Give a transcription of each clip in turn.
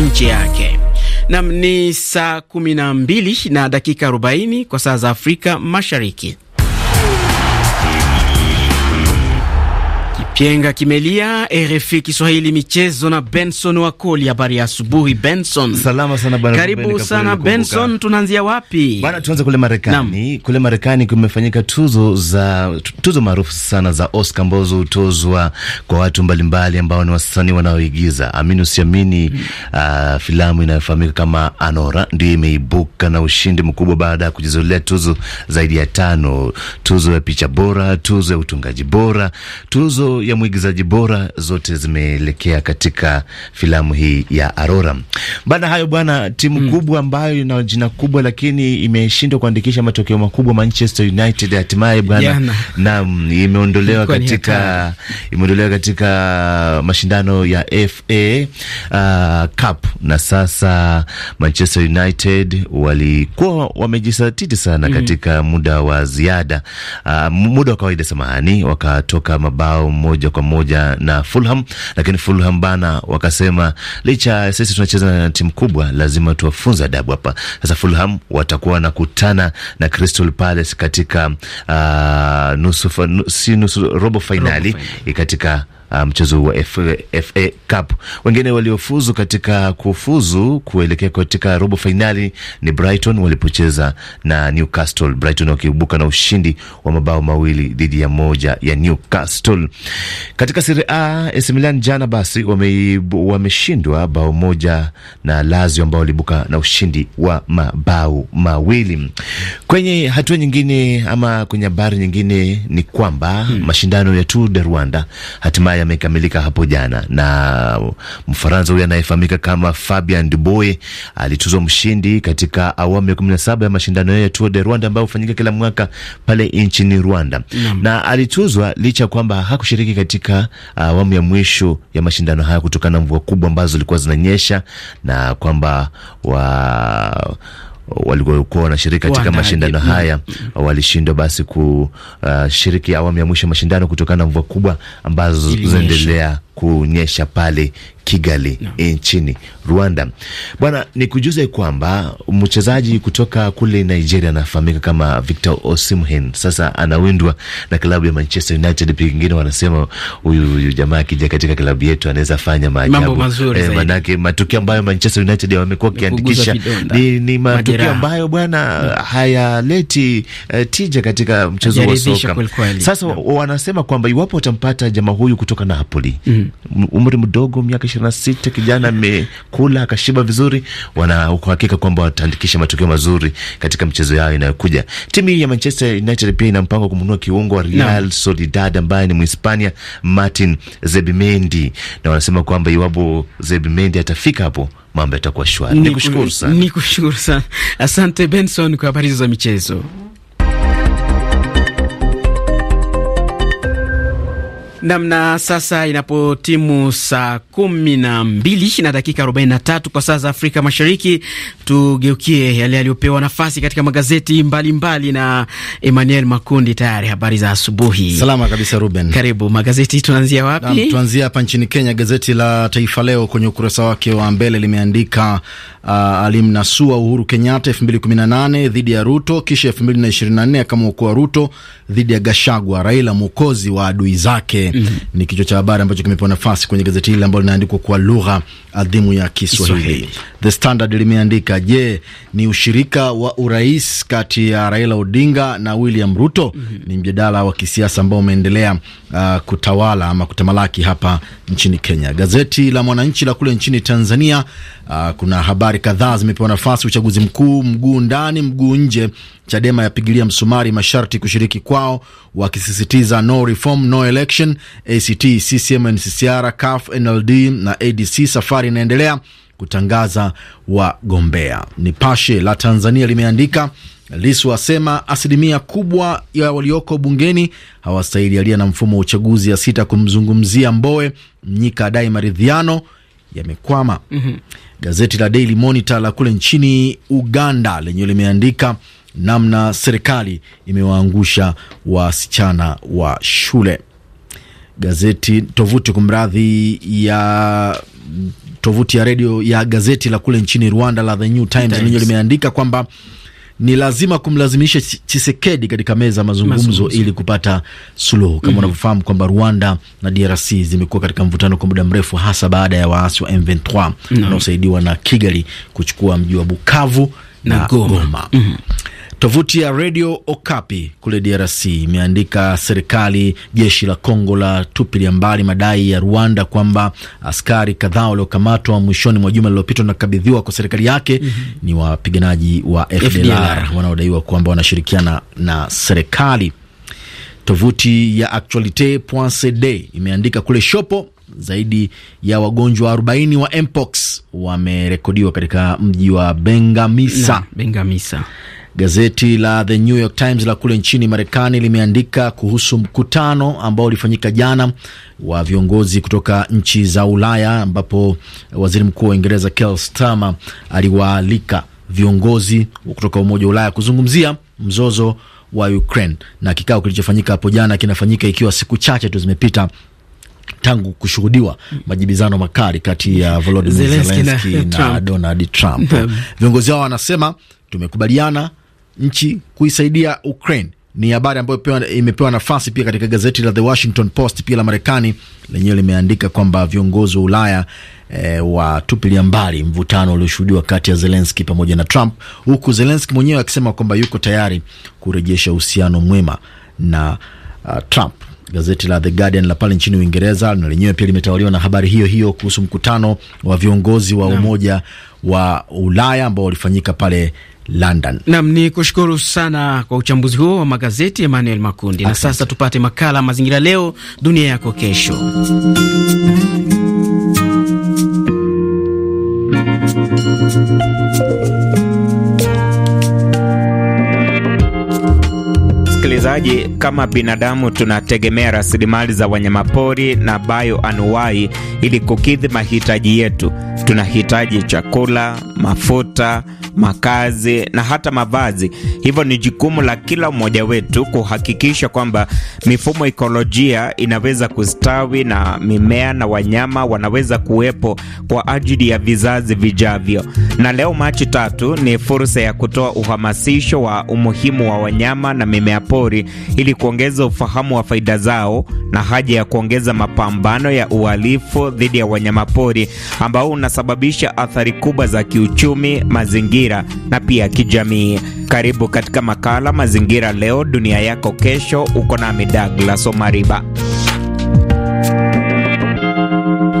nchi yake. Nam ni saa 12 na dakika 40 kwa saa za Afrika Mashariki. Pienga Kimelia, RFI Kiswahili Michezo na Benson Wakoli. Habari ya asubuhi Benson. Salama sana bwana. Karibu sana Benson, tunaanzia wapi bwana? Tuanze kule Marekani. Kule Marekani kumefanyika tuzo za tuzo maarufu sana za Oscar ambazo hutozwa kwa watu mbalimbali ambao ni wasanii wanaoigiza. Amini usiamini, mm. Uh, filamu inayofahamika kama Anora ndio imeibuka na ushindi mkubwa baada ya kujizolea tuzo zaidi ya tano: tuzo ya picha bora, tuzo ya utungaji bora, tuzo ya ya mwigizaji bora zote zimeelekea katika filamu hii ya Arora. Baada hayo bwana, timu mm. kubwa ambayo ina jina kubwa lakini imeshindwa kuandikisha matokeo makubwa, Manchester United hatimaye bwana, naam, imeondolewa katika imeondolewa katika mashindano ya FA uh, Cup, na sasa Manchester United walikuwa wamejisatiti sana mm. katika muda wa ziada uh, muda wa kawaida samahani, wakatoka mabao moja kwa moja na Fulham, lakini Fulham bana wakasema licha sisi tunacheza na timu kubwa, lazima tuwafunze adabu hapa. Sasa Fulham watakuwa wanakutana na Crystal Palace katika uh, nusu, nusu robo fainali katika Uh, mchezo um, wa FA, Cup. Wengine waliofuzu katika kufuzu kuelekea katika robo fainali ni Brighton walipocheza na Newcastle, Brighton wakiibuka na ushindi wa mabao mawili dhidi ya moja ya Newcastle. Katika Serie A, AC Milan jana basi wameshindwa wame bao moja na Lazio ambao waliibuka na ushindi wa mabao mawili. Kwenye hatua nyingine ama kwenye habari nyingine ni kwamba hmm, mashindano ya Tour de Rwanda hatimaye yamekamilika hapo jana, na Mfaransa huyo anayefahamika kama Fabian Dubois alituzwa mshindi katika awamu ya 17 ya mashindano ya Tour de Rwanda ambayo hufanyika kila mwaka pale nchini Rwanda mm. na alituzwa licha kwamba hakushiriki katika awamu ya mwisho ya mashindano haya kutokana na mvua kubwa ambazo zilikuwa zinanyesha na kwamba wa walikuwa wanashiriki katika mashindano mm. haya walishindwa basi kushiriki awamu ya mwisho mashindano kutokana na mvua kubwa ambazo zinaendelea kunyesha pale Kigali no. Eh, nchini Rwanda. Bwana, nikujuze kwamba mchezaji kutoka kule Nigeria anafahamika kama Victor Osimhen, sasa anawindwa na klabu ya Manchester United. Pengine wanasema huyu huyu jamaa akija katika klabu yetu anaweza fanya maajabu eh, manake matukio ambayo Manchester United wamekuwa wakiandikisha ni, ni matukio ambayo bwana no. hayaleti uh, tija katika mchezo wa soka. Sasa no. wanasema kwamba iwapo watampata jamaa huyu kutoka Napoli mm mm. umri mdogo, miaka ishirini na sita, kijana amekula akashiba vizuri, wana uhakika kwamba wataandikisha matokeo mazuri katika mchezo yao inayokuja. Timu hii ya Manchester United pia ina mpango wa kumnunua kiungo wa Real no. Sociedad ambaye ni Mhispania Martin Zebimendi, na wanasema kwamba iwapo Zebimendi atafika hapo mambo yatakuwa shwari. Nikushukuru sana, nikushukuru sana, asante Benson kwa habari hizo za michezo. namna sasa inapotimu saa kumi na mbili na dakika arobaini na tatu kwa saa za Afrika Mashariki, tugeukie yale yaliyopewa nafasi katika magazeti mbalimbali mbali na Emmanuel Makundi. Tayari habari za asubuhi. Salama kabisa Ruben, karibu magazeti. Tunaanzia wapi? Tuanzia hapa nchini Kenya. Gazeti la Taifa Leo kwenye ukurasa wake wa mbele limeandika uh, alimnasua Uhuru Kenyatta elfu mbili kumi na nane dhidi ya Ruto, kisha elfu mbili na ishirini na nne akamwokoa Ruto dhidi ya Gashagwa, Raila mwokozi wa adui zake. Mm-hmm. ni kichwa cha habari ambacho kimepewa nafasi kwenye gazeti hili ambalo linaandikwa kwa lugha adhimu ya Kiswahili. The Standard limeandika je, ni ushirika wa urais kati ya Raila Odinga na William Ruto? mm -hmm. Ni mjadala wa kisiasa ambao umeendelea uh, kutawala ama kutamalaki hapa nchini Kenya. Gazeti la Mwananchi la kule nchini Tanzania, uh, kuna habari kadhaa zimepewa nafasi: uchaguzi mkuu mguu ndani mguu nje, Chadema yapigilia msumari masharti kushiriki kwao, wakisisitiza no reform no election. ACT CCM NCCR CAF, NLD na ADC safari inaendelea kutangaza wagombea. Nipashe la Tanzania limeandika Lisu asema asilimia kubwa ya walioko bungeni alia na mfumo wa uchaguzi ya sita kumzungumzia Mbowe. Mnyika adai maridhiano yamekwama. mm -hmm. Gazeti la Daily Monitor la kule nchini Uganda lenyewe limeandika namna serikali imewaangusha wasichana wa shule. Gazeti tovuti kumradhi ya tovuti ya redio ya gazeti la kule nchini Rwanda la The New Times lenyewe limeandika kwamba ni lazima kumlazimisha Chisekedi katika meza ya mazungumzo, mazungumzo ili kupata suluhu kama mm -hmm. unavyofahamu kwamba Rwanda na DRC zimekuwa katika mvutano kwa muda mrefu, hasa baada ya waasi wa M23 wanaosaidiwa mm na Kigali kuchukua mji wa Bukavu na, na Goma, Goma. Mm -hmm. Tovuti ya Radio Okapi kule DRC imeandika serikali jeshi la Kongo la tupilia mbali madai ya Rwanda kwamba askari kadhaa waliokamatwa mwishoni mwa juma lililopita nakabidhiwa kwa serikali yake mm -hmm. ni wapiganaji wa FDLR wanaodaiwa kwamba wanashirikiana na serikali. Tovuti ya Actualite.cd imeandika kule Shopo zaidi ya wagonjwa 40 wa mpox wamerekodiwa katika mji wa Bengamisa, na, Bengamisa. Gazeti la The New York Times la kule nchini Marekani limeandika kuhusu mkutano ambao ulifanyika jana wa viongozi kutoka nchi za Ulaya, ambapo waziri mkuu wa Uingereza Keir Starmer aliwaalika viongozi kutoka Umoja wa Ulaya kuzungumzia mzozo wa Ukraine, na kikao kilichofanyika hapo jana kinafanyika ikiwa siku chache tu zimepita tangu kushuhudiwa majibizano makali kati ya Volodymyr Zelensky na, na Donald Trump. Viongozi hao wanasema tumekubaliana nchi kuisaidia Ukraine ni habari ambayo imepewa nafasi pia katika gazeti la The Washington Post pia la Marekani, lenyewe limeandika kwamba viongozi wa Ulaya e, watupilia mbali mvutano ulioshuhudiwa kati ya Zelenski pamoja na Trump, huku Zelenski mwenyewe akisema kwamba yuko tayari kurejesha uhusiano mwema na uh, Trump. Gazeti la The Guardian la pale nchini Uingereza na lenyewe pia limetawaliwa na habari hiyo hiyo kuhusu mkutano wa viongozi wa Umoja wa Ulaya ambao ulifanyika pale London. Nam ni kushukuru sana kwa uchambuzi huo wa magazeti Emmanuel Makundi. Asante. Na sasa tupate makala Mazingira Leo, Dunia Yako Kesho. Msikilizaji, kama binadamu tunategemea rasilimali za wanyamapori na bioanuwai ili kukidhi mahitaji yetu. Tunahitaji chakula, mafuta, makazi na hata mavazi. Hivyo ni jukumu la kila mmoja wetu kuhakikisha kwamba mifumo ikolojia inaweza kustawi na mimea na wanyama wanaweza kuwepo kwa ajili ya vizazi vijavyo. Na leo Machi tatu ni fursa ya kutoa uhamasisho wa umuhimu wa wanyama na mimea pori vizuri ili kuongeza ufahamu wa faida zao na haja ya kuongeza mapambano ya uhalifu dhidi ya wanyamapori ambao unasababisha athari kubwa za kiuchumi, mazingira na pia kijamii. Karibu katika makala Mazingira Leo Dunia Yako Kesho. Uko nami Douglas Omariba.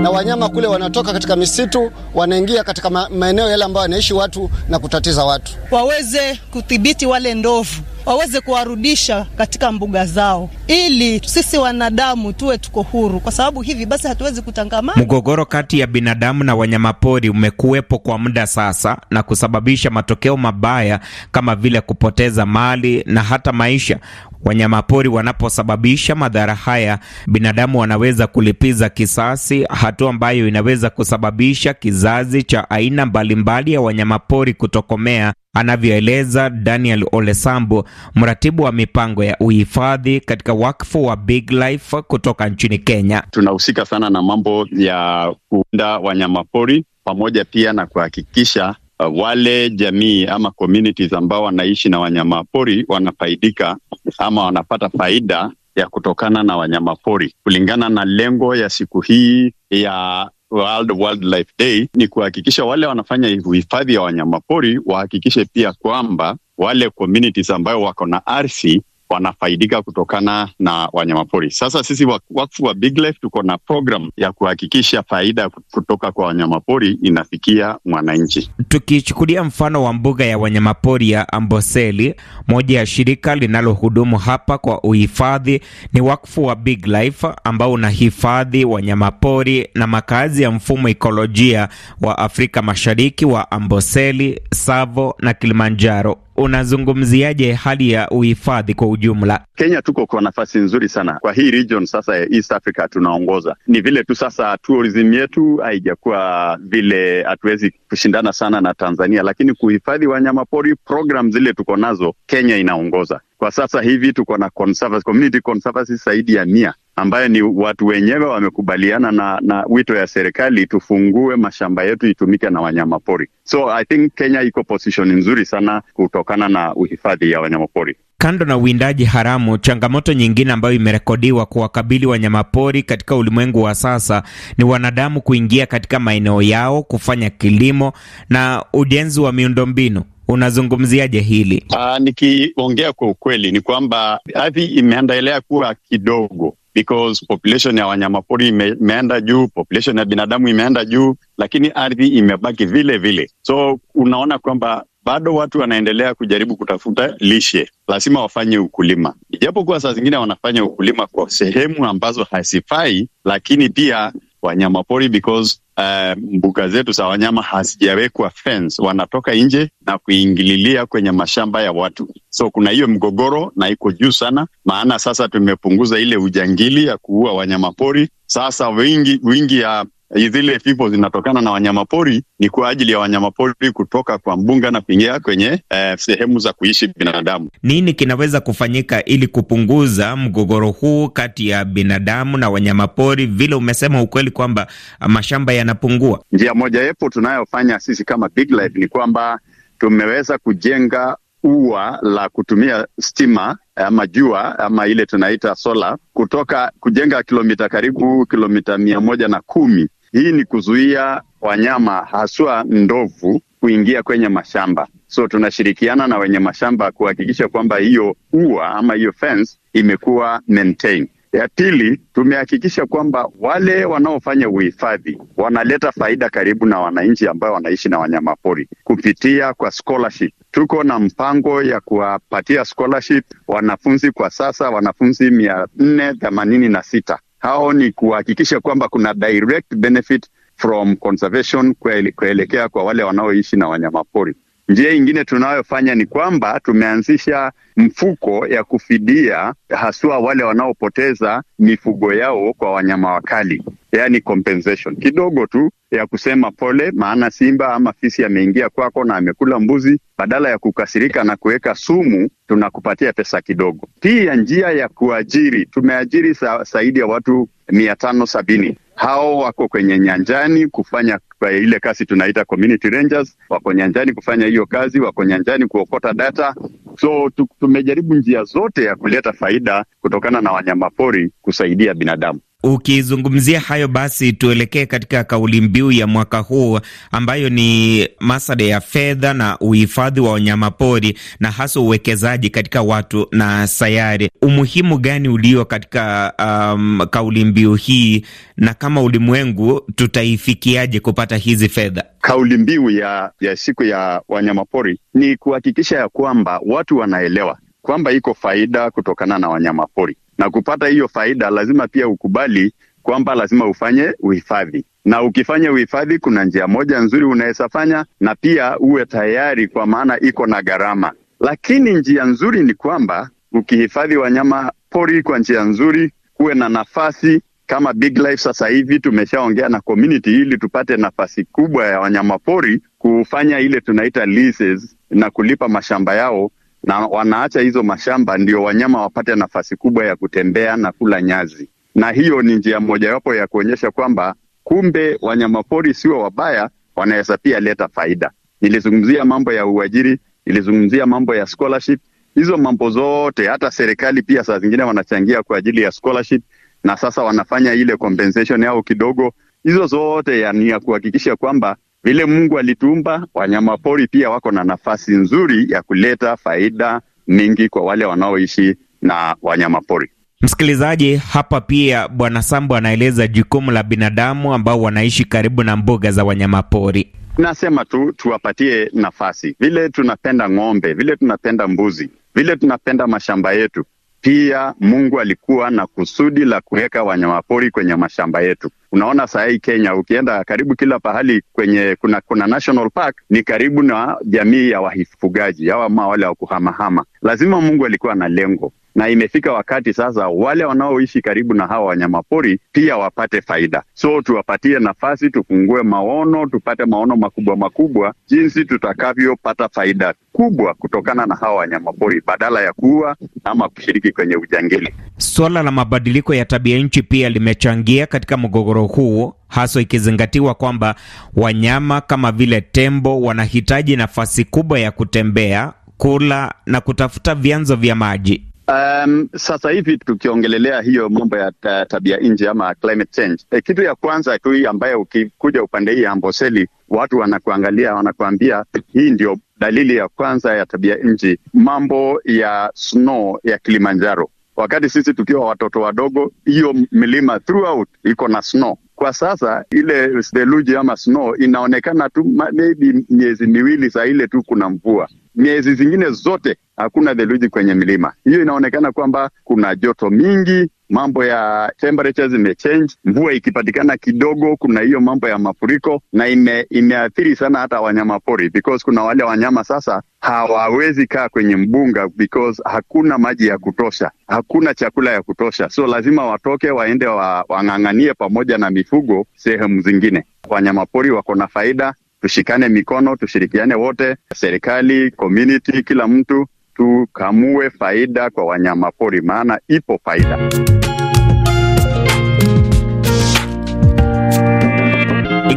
Na wanyama kule wanatoka katika misitu wanaingia katika maeneo yale ambayo wanaishi watu na kutatiza watu. Waweze kudhibiti wale ndovu, waweze kuwarudisha katika mbuga zao, ili sisi wanadamu tuwe tuko huru, kwa sababu hivi basi hatuwezi kutangamana. Mgogoro kati ya binadamu na wanyamapori umekuwepo kwa muda sasa na kusababisha matokeo mabaya kama vile kupoteza mali na hata maisha. Wanyamapori wanaposababisha madhara haya, binadamu wanaweza kulipiza kisasi, hatua ambayo inaweza kusababisha kizazi kizazi cha aina mbalimbali ya wanyamapori kutokomea, anavyoeleza Daniel Olesambu, mratibu wa mipango ya uhifadhi katika wakfu wa Big Life kutoka nchini Kenya. Tunahusika sana na mambo ya kuunda wanyamapori pamoja pia na kuhakikisha uh, wale jamii ama communities ambao wanaishi na wanyamapori wanafaidika ama wanapata faida ya kutokana na wanyamapori kulingana na lengo ya siku hii ya World Wildlife Day ni kuhakikisha wale wanafanya uhifadhi ya wanyamapori wahakikishe pia kwamba wale communities ambayo wako na ardhi wanafaidika kutokana na wanyamapori. Sasa sisi wakfu wa Big Life tuko na program ya kuhakikisha faida kutoka kwa wanyamapori inafikia mwananchi. Tukichukulia mfano wa mbuga ya wanyamapori ya Amboseli, moja ya shirika linalohudumu hapa kwa uhifadhi ni wakfu wa Big Life ambao unahifadhi wanyamapori na makazi ya mfumo ikolojia wa Afrika Mashariki wa Amboseli, Savo na Kilimanjaro unazungumziaje hali ya uhifadhi kwa ujumla? Kenya tuko kwa nafasi nzuri sana kwa hii region sasa ya East Africa, tunaongoza. Ni vile tu sasa tourism yetu haijakuwa vile, hatuwezi kushindana sana na Tanzania, lakini kuhifadhi wanyamapori program zile tuko nazo, Kenya inaongoza kwa sasa hivi. Tuko na conservancy, community conservancy zaidi ya mia ambayo ni watu wenyewe wamekubaliana na, na wito ya serikali tufungue mashamba yetu itumike na wanyamapori. So I think Kenya iko position nzuri sana kutokana na uhifadhi ya wanyamapori. Kando na uwindaji haramu, changamoto nyingine ambayo imerekodiwa kuwakabili wanyamapori katika ulimwengu wa sasa ni wanadamu kuingia katika maeneo yao kufanya kilimo na ujenzi wa miundombinu unazungumziaje hili? Aa, ah, nikiongea kwa ukweli ni kwamba ardhi imeendelea kuwa kidogo because population ya wanyamapori imeenda juu, population ya binadamu imeenda juu, lakini ardhi imebaki vile vile. So unaona kwamba bado watu wanaendelea kujaribu kutafuta lishe, lazima wafanye ukulima, ijapokuwa saa zingine wanafanya ukulima kwa sehemu ambazo hazifai, lakini pia wanyamapori because uh, mbuga zetu za wanyama hazijawekwa fence, wanatoka nje na kuingililia kwenye mashamba ya watu. So kuna hiyo mgogoro na iko juu sana, maana sasa tumepunguza ile ujangili ya kuua wanyamapori. Sasa wingi wingi ya zile vifo zinatokana na wanyamapori ni kwa ajili ya wanyamapori kutoka kwa mbunga na kuingia kwenye eh, sehemu za kuishi binadamu. Nini kinaweza kufanyika ili kupunguza mgogoro huu kati ya binadamu na wanyamapori? Vile umesema ukweli kwamba mashamba yanapungua, njia moja yepo tunayofanya sisi kama Big Life ni kwamba tumeweza kujenga ua la kutumia stima ama jua ama ile tunaita sola kutoka kujenga kilomita karibu kilomita mia moja na kumi hii ni kuzuia wanyama haswa ndovu kuingia kwenye mashamba. So tunashirikiana na wenye mashamba kuhakikisha kwamba hiyo ua ama hiyo fence imekuwa maintain. Ya pili, tumehakikisha kwamba wale wanaofanya uhifadhi wanaleta faida karibu na wananchi ambao wanaishi na wanyamapori kupitia kwa scholarship. Tuko na mpango ya kuwapatia scholarship wanafunzi, kwa sasa wanafunzi mia nne themanini na sita hao ni kuhakikisha kwamba kuna direct benefit from conservation kuelekea kwa wale wanaoishi na wanyamapori. Njia ingine tunayofanya ni kwamba tumeanzisha mfuko ya kufidia haswa wale wanaopoteza mifugo yao kwa wanyama wakali, yaani compensation kidogo tu ya kusema pole, maana simba ama fisi ameingia kwako na amekula mbuzi. Badala ya kukasirika na kuweka sumu, tunakupatia pesa kidogo. Pia njia ya kuajiri, tumeajiri zaidi ya watu mia tano sabini hao wako kwenye nyanjani kufanya kwa ile kazi tunaita community rangers, wako nyanjani kufanya hiyo kazi, wako nyanjani kuokota data. So tumejaribu njia zote ya kuleta faida kutokana na wanyamapori kusaidia binadamu. Ukizungumzia hayo basi, tuelekee katika kauli mbiu ya mwaka huu ambayo ni masuala ya fedha na uhifadhi wa wanyamapori na hasa uwekezaji katika watu na sayari. Umuhimu gani ulio katika um, kauli mbiu hii na kama ulimwengu tutaifikiaje kupata hizi fedha? Kauli mbiu ya, ya siku ya wanyamapori ni kuhakikisha ya kwamba watu wanaelewa kwamba iko faida kutokana na wanyamapori na kupata hiyo faida, lazima pia ukubali kwamba lazima ufanye uhifadhi, na ukifanya uhifadhi, kuna njia moja nzuri unaweza fanya, na pia uwe tayari, kwa maana iko na gharama. Lakini njia nzuri ni kwamba ukihifadhi wanyama pori kwa njia nzuri, kuwe na nafasi kama Big Life. Sasa hivi tumeshaongea na community ili tupate nafasi kubwa ya wanyama pori kufanya ile tunaita leases na kulipa mashamba yao na wanaacha hizo mashamba ndio wanyama wapate nafasi kubwa ya kutembea na kula nyazi, na hiyo ni njia mojawapo ya kuonyesha kwamba kumbe wanyamapori sio wabaya, wanaweza pia leta faida. Nilizungumzia mambo ya uajiri, nilizungumzia mambo ya scholarship, hizo mambo zote. Hata serikali pia saa zingine wanachangia kwa ajili ya scholarship, na sasa wanafanya ile compensation yao kidogo. Hizo zote ni ya kuhakikisha kwamba vile Mungu alituumba wanyamapori pia wako na nafasi nzuri ya kuleta faida mingi kwa wale wanaoishi na wanyamapori. Msikilizaji, hapa pia Bwana Sambo anaeleza jukumu la binadamu ambao wanaishi karibu na mbuga za wanyamapori. Nasema tu tuwapatie nafasi, vile tunapenda ng'ombe, vile tunapenda mbuzi, vile tunapenda mashamba yetu, pia Mungu alikuwa na kusudi la kuweka wanyamapori kwenye mashamba yetu. Unaona saa hii Kenya ukienda karibu kila pahali kwenye kuna, kuna national park ni karibu na jamii ya wahifugaji hawa ma wale wa kuhamahama. Lazima Mungu alikuwa na lengo na imefika wakati sasa wale wanaoishi karibu na hawa wanyamapori pia wapate faida. So tuwapatie nafasi, tufungue maono, tupate maono makubwa makubwa, jinsi tutakavyopata faida kubwa kutokana na hawa wanyamapori badala ya kuua ama kushiriki kwenye ujangili. Swala la mabadiliko ya tabia nchi pia limechangia katika mgogoro huu, haswa ikizingatiwa kwamba wanyama kama vile tembo wanahitaji nafasi kubwa ya kutembea, kula na kutafuta vyanzo vya maji. Um, sasa hivi tukiongelelea hiyo mambo ya ta, tabia nje ama climate change. E, kitu ya kwanza tu hii ambayo ukikuja upande hii Amboseli watu wanakuangalia wanakuambia, hii ndio dalili ya kwanza ya tabia nchi, mambo ya snow ya Kilimanjaro. Wakati sisi tukiwa watoto wadogo, hiyo milima throughout iko na snow. Kwa sasa ile theluji ama snow inaonekana tu maybe miezi miwili saa ile tu kuna mvua, miezi zingine zote hakuna theluji kwenye milima. Hiyo inaonekana kwamba kuna joto mingi, mambo ya temperature zimechange. Mvua ikipatikana kidogo, kuna hiyo mambo ya mafuriko, na ime, imeathiri sana hata wanyama pori because kuna wale wanyama sasa hawawezi kaa kwenye mbunga because hakuna maji ya kutosha, hakuna chakula ya kutosha, so lazima watoke waende wa, wang'ang'anie pamoja na mifugo sehemu zingine. Wanyama pori wako na faida, tushikane mikono, tushirikiane wote, serikali, community, kila mtu tukamue faida kwa wanyamapori, maana ipo faida.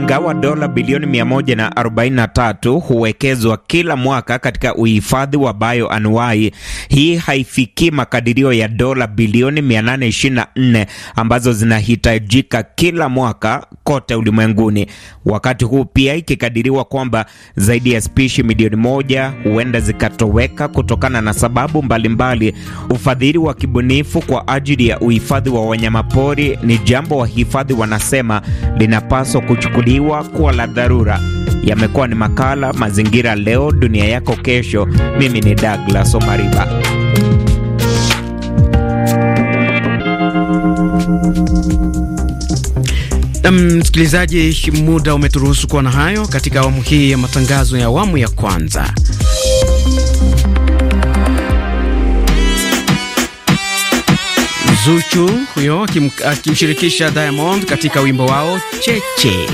Ingawa dola bilioni 143 huwekezwa kila mwaka katika uhifadhi wa bioanuai, hii haifikii makadirio ya dola bilioni 824 ambazo zinahitajika kila mwaka kote ulimwenguni, wakati huu pia ikikadiriwa kwamba zaidi ya spishi milioni moja huenda zikatoweka kutokana na sababu mbalimbali mbali. Ufadhili wa kibunifu kwa ajili ya uhifadhi wa wanyamapori ni jambo wahifadhi wanasema linapaswa kuchukuliwa yaliyochukuliwa kuwa la dharura. Yamekuwa ni makala Mazingira Leo, Dunia Yako Kesho. Mimi ni Douglas Omariba. Msikilizaji, muda umeturuhusu kuwa na hayo katika awamu hii ya matangazo ya awamu ya kwanza. Zuchu huyo akimshirikisha Diamond katika wimbo wao Cheche.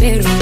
¡Gracias!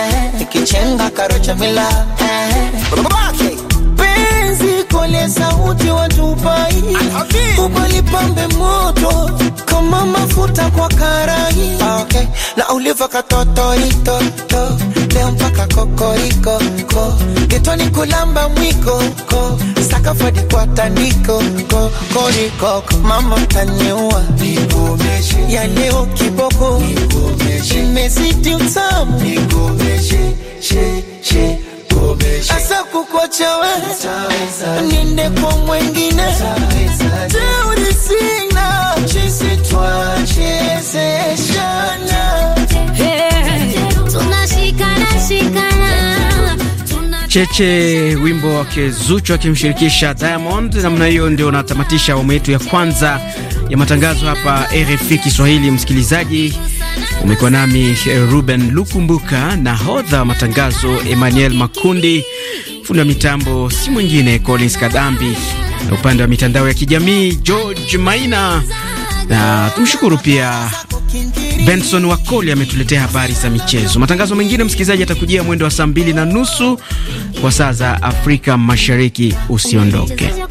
Eh. karo cha mila eh. penzi kole sauti watupai ubalipambe moto kama mafuta kwa karai ah, okay. na uliva katotoitoto leo mpaka kokoriko ko getoni kulamba mwiko ko sakafadi kwa tandiko ko koriko mama taniua ya leo kiboko imezidi utamu asa kukochawe ninde kwa mwengine teuri sina chisitwa chezesha Cheche wimbo wake Zuchu akimshirikisha Diamond. Namna hiyo ndio unatamatisha awamu yetu ya kwanza ya matangazo hapa RFI Kiswahili. Msikilizaji, umekuwa nami eh, Ruben Lukumbuka, nahodha wa matangazo Emmanuel Makundi, fundi wa mitambo si mwingine Collins Kadambi, na upande wa mitandao ya kijamii George Maina, na tumshukuru pia Benson Wakoli ametuletea habari za michezo. Matangazo mengine msikilizaji atakujia mwendo wa saa mbili na nusu kwa saa za Afrika Mashariki. Usiondoke.